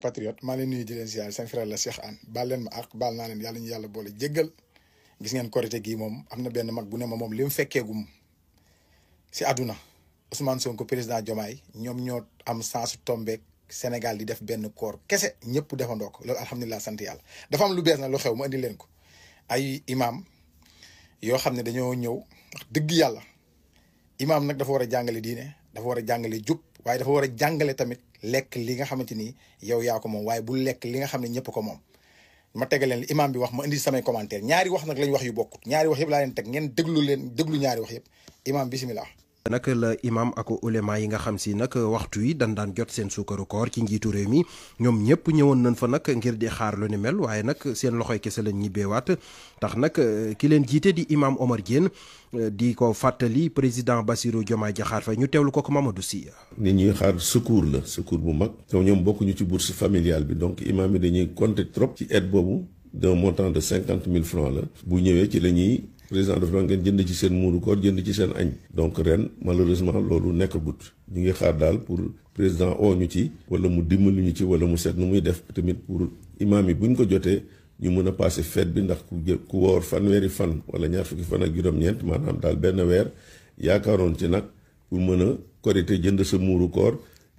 patriote maa leen nuyu di leen ziar seen frère la Cheikh Anne baal leen ma ak baal naa leen yàlla ñu yàlla boole jéggal gis ngeen korite gii moom am na benn mag bu ne ma moom li mu fekkeegum si àdduna Ousmane ko président jomaay ñoom ñoo am sens tombeek Sénégal di def benn koor kese ñëpp defandoo ko loolu alhamdulilah sant yàlla dafa am lu bees na lu xew mu indi leen ko ay imaam yoo xam ne dañoo ñëw wax dëgg yàlla imam nag dafa war a jàngale diine dafa war a jàngale jub waaye dafa war a jàngale tamit lekk li nga xamante ni yow yaa ko moom waaye bu lekk li nga xam ne ñëpp ko moom ma tegal leen imam bi wax ma indi samay commentaire ñaari wax nag lañ wax yu bokkut ñaari wax yëpp laa leen teg ngeen déglu leen ñaari wax yëpp imam bisimilah nag la imam ak ulema yi nga xam si nag waxtu yi dan daan jot seen suukaru koor ci njiitu réew mi ñoom ñëpp ñëwoon nañ fa nag ngir di xaar lu mel waaye nag seen loxoy kese lañ ñibbee waat tax nag eh, ki leen jiite di imaam Omar Diène eh, di ko fàttali président Bassirou Diomaye Diakhar Faye ñu teewlu ko ko Mamadou si nit ñuy xaar secours la secours bu mag. te ñoom bokkuñu ci bourse familiale bi donc imam yi dañuy compter trop. ci aide boobu d'un montant de cinquante mille francs la. bu ñëwee ci la ñuy. président dafa doon ngeen jënd ci seen muuru koor jënd ci seen añ donc ren malheureusement loolu nekkagut ñu ngi xaar daal pour président o ñu ci wala mu dimbali ñu ci wala mu seet nu muy def tamit pour imaam yi bu ñu ko jotee ñu mën a passé fête bi ndax ku jë ku woor fan weeri fan wala ñaar fukki fan ak juróom-ñeent maanaam daal benn weer yaakaaroon ci nag pour mën a korite jënd sa muuru koor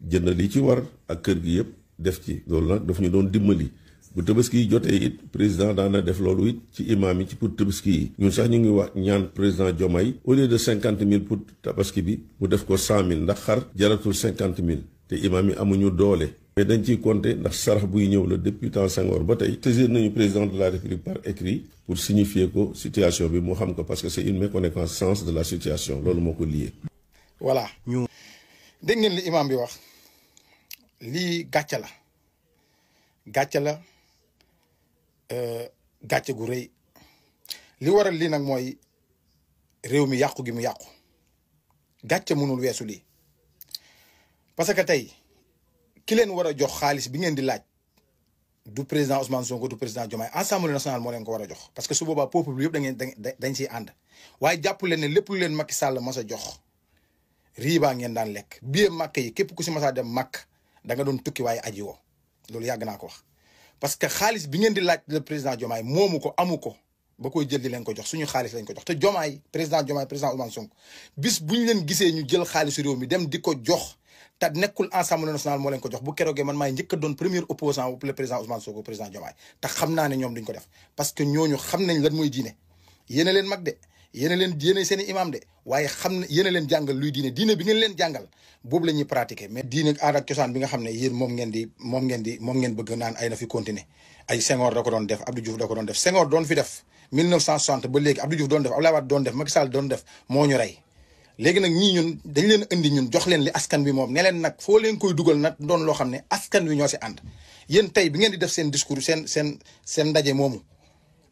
jënd li ci war ak kër gi yëpp def ci loolu nag daf ñu doon dimbali bu tabaski jotee it président daana def loolu it ci imaam yi ci pour tabaski yi ñun sax ñu ngi wax ñaan président Diomaye au lieu de cinquante mille pour tabaski bi mu def ko cent mille ndax xar jaratul cinquante mille te imaam yi amuñu doole mais dañ ciy compter ndax sarax buy ñëw la depuis temps Senghor ba tey saisir nañu président de la république par écrit pour signifier ko situation bi mu xam ko parce que c'est une méconnaissance de la situation loolu moo ko lié. voilà ñu. dégg ngeen li imaam bi wax lii gàcce la gàcce la. Euh, gàcce gu rëy li waral lii nag mooy réew mi yàqu gi mu yàqu gàcce mu weesu lii parce que tey ki leen war a jox xaalis bi ngeen di laaj du président Ousmane Sonko du président Diomaye assemblée nationale moo leen ko war a jox. parce que su boobaa peuple bi yëpp da ngeen dañ ànd waaye jàpp leen ne lépp lu leen Macky Sall mas a jox riibaa ngeen daan lekk. biyee màkk yi képp ku si mas a dem màkk da doon tukki waaye aji woo loolu yàgg naa ko wax. parce que xaalis bi ngeen di laaj le président Diomaye moomu ko amu ko ba koy jël di leen ko jox suñu xaalis lañ ko jox te Diomaye président Diomaye président Ousmane Sonko bis bu ñu leen gisee ñu jël xaalisu réew mi dem di ko jox te nekkul Assemblée nationale moo leen ko jox bu keroogee man maay njëkk doon premier opposant wu le président Ousmane Sonko président Diomaye te xam naa ne ñoom duñ ko def parce que ñooñu xam nañ lan mooy diine yéen a leen mag de yenee a leen yéen seen i imaam de waaye xam ne yéen a leen jàngal luy diine diine bi ngeen leen jàngal boobu la ñuy pratiquer mais diine aada cosaan bi nga xam ne yéen moom ngeen di moom ngeen di moom ngeen bëgg naan ay na fi continuer ay Senghor da ko doon def Abdou Diouf da ko doon def Senghor doon fi def 1960 ba léegi Abdou Diouf doon def Abdoulaye Wade doon def Macky Sall doon def moo ñu rey nag ñii ñun dañu leen indi ñun jox leen li askan bi moom ne leen nag foo leen dugal nag doon loo xam ne askan wi ñoo si ànd yéen tey bi ngeen di def seen discours seen seen seen ndaje moomu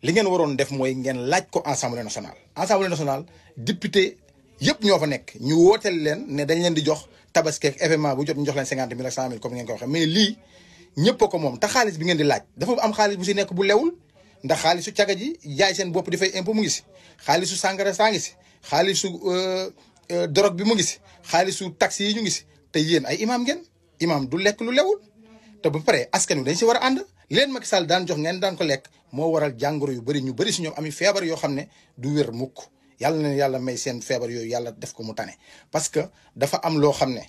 li ngeen waroon def mooy ngeen laaj ko assemblée nationale assemblée nationale député yëpp ñoo fa nekk ñu wooteel leen ne dañ leen di jox tabaski ak événement bu jot ñu jox leen cinquante mille ak cent mille comme ngeen ko waxee mais lii ñëpp ko moom te xaalis bi ngeen di laaj dafa am xaalis bu si nekk bu lewul ndax xaalisu caga ji jaay seen bopp di fay impôt mu ngi si su sàngara saa ngi si xaalisu euh, euh, drogue bi mu ngi si su tax yi ñu ngi si te yéen ay imam ngeen imam du lekk lu lewul te ba pare askan wi dañ si war a leen Macky Sall daan jox ngeen daan ko lekk moo waral jàngoro yu bëri ñu bëri si ñoom ami feebar yoo xam ne du wér mukk yàlla na yàlla may seen feebar yooyu yàlla def ko mu tane parce que dafa am loo xam ne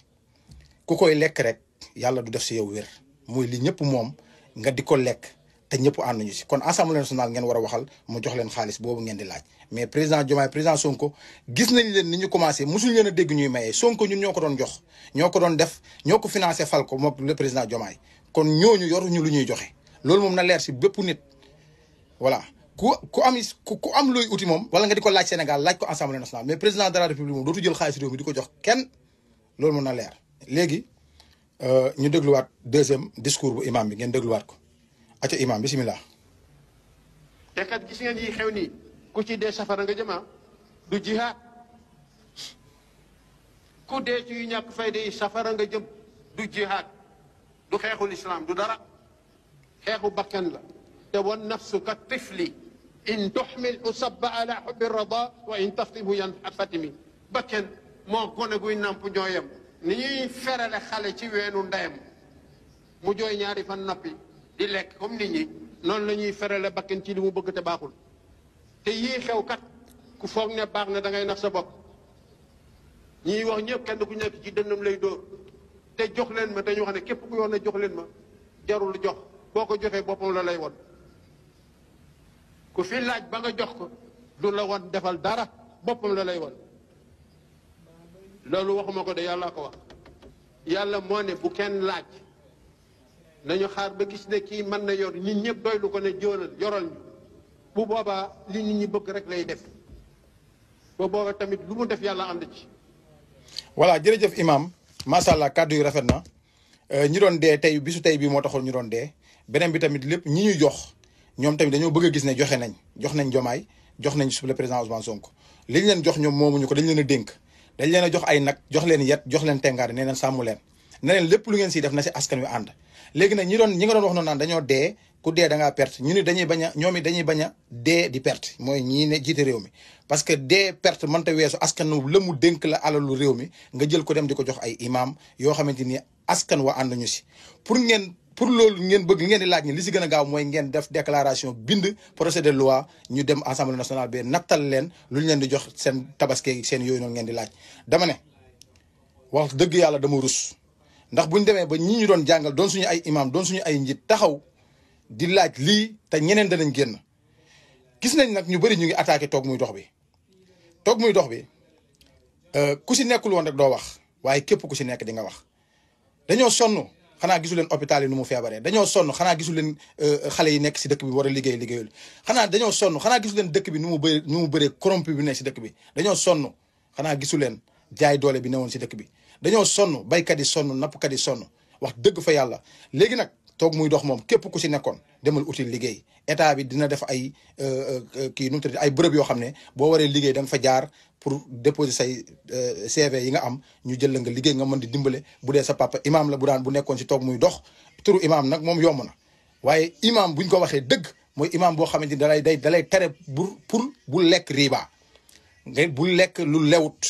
ku koy lekk rek yàlla du def si yow wér muy li ñëpp moom nga di ko lekk te ñëpp ànd ñu si kon assemblée nationale ngeen war a waxal mu jox leen xaalis boobu ngeen di laaj mais président Diomaye président Sonko gis nañ leen ni ñu commencé mosuñ leen a dégg ñuy mayee Sonko ñun ñoo ko doon jox ñoo ko doon def ñoo ko financé fal ko moom le président Diomaye kon ñooñu yoruñu lu ñuy joxe loolu moom na leer si bépp nit voilà ku ku am ku am looy uti moom wala nga di ko laaj Sénégal laaj ko assemblée nationale mais président de la république moom dootu jël xaalis réew mi di ko jox kenn loolu moom na leer léegi euh, ñu dégluwaat deuxième discours bu imam bi ngeen dégluwaat ko aca imam bisimilah te kat gis ngeen yi xew nii ku ci dee safara nga jëmaa ah, du jihaad ku dee ci yu ñàkk fayda yi safara nga jëm du jihaad du xeexul islam du dara xeexu bakkan la te wan nafsu ka tifli in tuxmil usabba ala xubbi rada wa in taftimu yan fatimi bakkan moo gone guy nàmp ñooyam ni ñuy ferale xale ci weenu ndeyam mu jooy ñaari fan nappi di lekk comme nit ñi noonu la ñuy ferale bakkan ci li mu bëgg te baaxul te yii xew kat ku foog ne baax na dangay ngay nax sa bopp ñiy wax ñëpp kenn ku nekk ci dënnam lay dóor te jox leen ma ñu wax ne képp ku yoon ne jox leen ma jarul jox boo ko joxee boppam la lay won ku fi laaj ba nga jox ko du la won defal dara boppam la lay won loolu waxuma ko de yàlla ko wax yàlla moo ne bu kenn laaj nañu xaar ba gis ne kii mën na yor nit ñëpp doy ko ne jóolal yoral ñu bu boobaa li nit ñi bëgg rek lay def ba booba tamit lu mu def yàlla ànd ci voilà jërëjëf imam macha allah kàddu yu rafet na euh, ñi doon dee tey bisu tey bii moo taxoon ñu doon dee beneen bi tamit lépp ñi ñu jox ñoom tamit dañoo bëgg a gis ne joxe nañ jox nañ jomaay jox nañ su le président Ousmane Sonko li ñu leen jox ñoom moomuñu ko dañ leen dénk dañ leen jox ay nag jox leen yet jox tengaar nee leen sàmm leen ne lépp lu ngeen siy def na si askan wi ànd léegi nag ñi doon ñi nga doon wax noonu naan dee ku dee da ngaa perte ñu ni a ñoom dañuy bañ a dee di perte mooy ñii ne jiite réew mi parce que dee perte mënta weesu askan la dénk la alalu réew mi nga jël ko dem di ko jox ay imaam yoo xamante ni askan wa ànd ñu si pour ngeen pour loolu ngeen bëgg ngeen di laaj ni li si gën a gaaw mooy ngeen def déclaration bind projet de loi ñu dem assemblée nationale bi nattal leen lu ñu leen di jox seen tabaski seen yooyu noonu ngeen di laaj. dama ne wax dëgg yàlla dama rus ndax bu ñu demee ba ñi ñu doon jàngal doon suñu ay imam doon suñu ay njiit taxaw di laaj lii te ñeneen danañ génn gis nañ nag ñu bëri ñu ngi attaqué toog muy dox bi toog muy dox bi euh, ku si nekkul woon rek doo wax waaye képp ku si nekk di nga wax dañoo sonn. xanaa gisuleen leen hôpital nu mu feebaree dañoo sonn xanaa gisu euh, xale yi nekk si dëkk bi war a liggéey liggéeyul xanaa dañoo sonn xanaa gisu leen dëkk bi nu mu bëree nu mu bëree corrompu bi nekk si dëkk bi dañoo sonn xanaa gisu leen jaay doole bi newoon si dëkk bi dañoo sonn baykat yi sonn nappkat yi sonn wax dëgg fa yàlla léegi nag toog muy dox moom képp ku si nekkoon demal uti liggéey état bi dina def ay euh, euh, euh, kii nu mu ay bërëb yoo xam ne boo waree liggéey dam fa jaar pour déposer say CV yi nga am ñu jël la nga liggéey nga mën di dimbale bu dee sa papa imaam la bu daan bu nekkoon si toog muy dox turu imaam nag moom yomb na waaye imam buñ ko waxee dëgg mooy imam boo xamante ni dalay day dalay tere pour pour bu lekk riba bu lekk lu lewut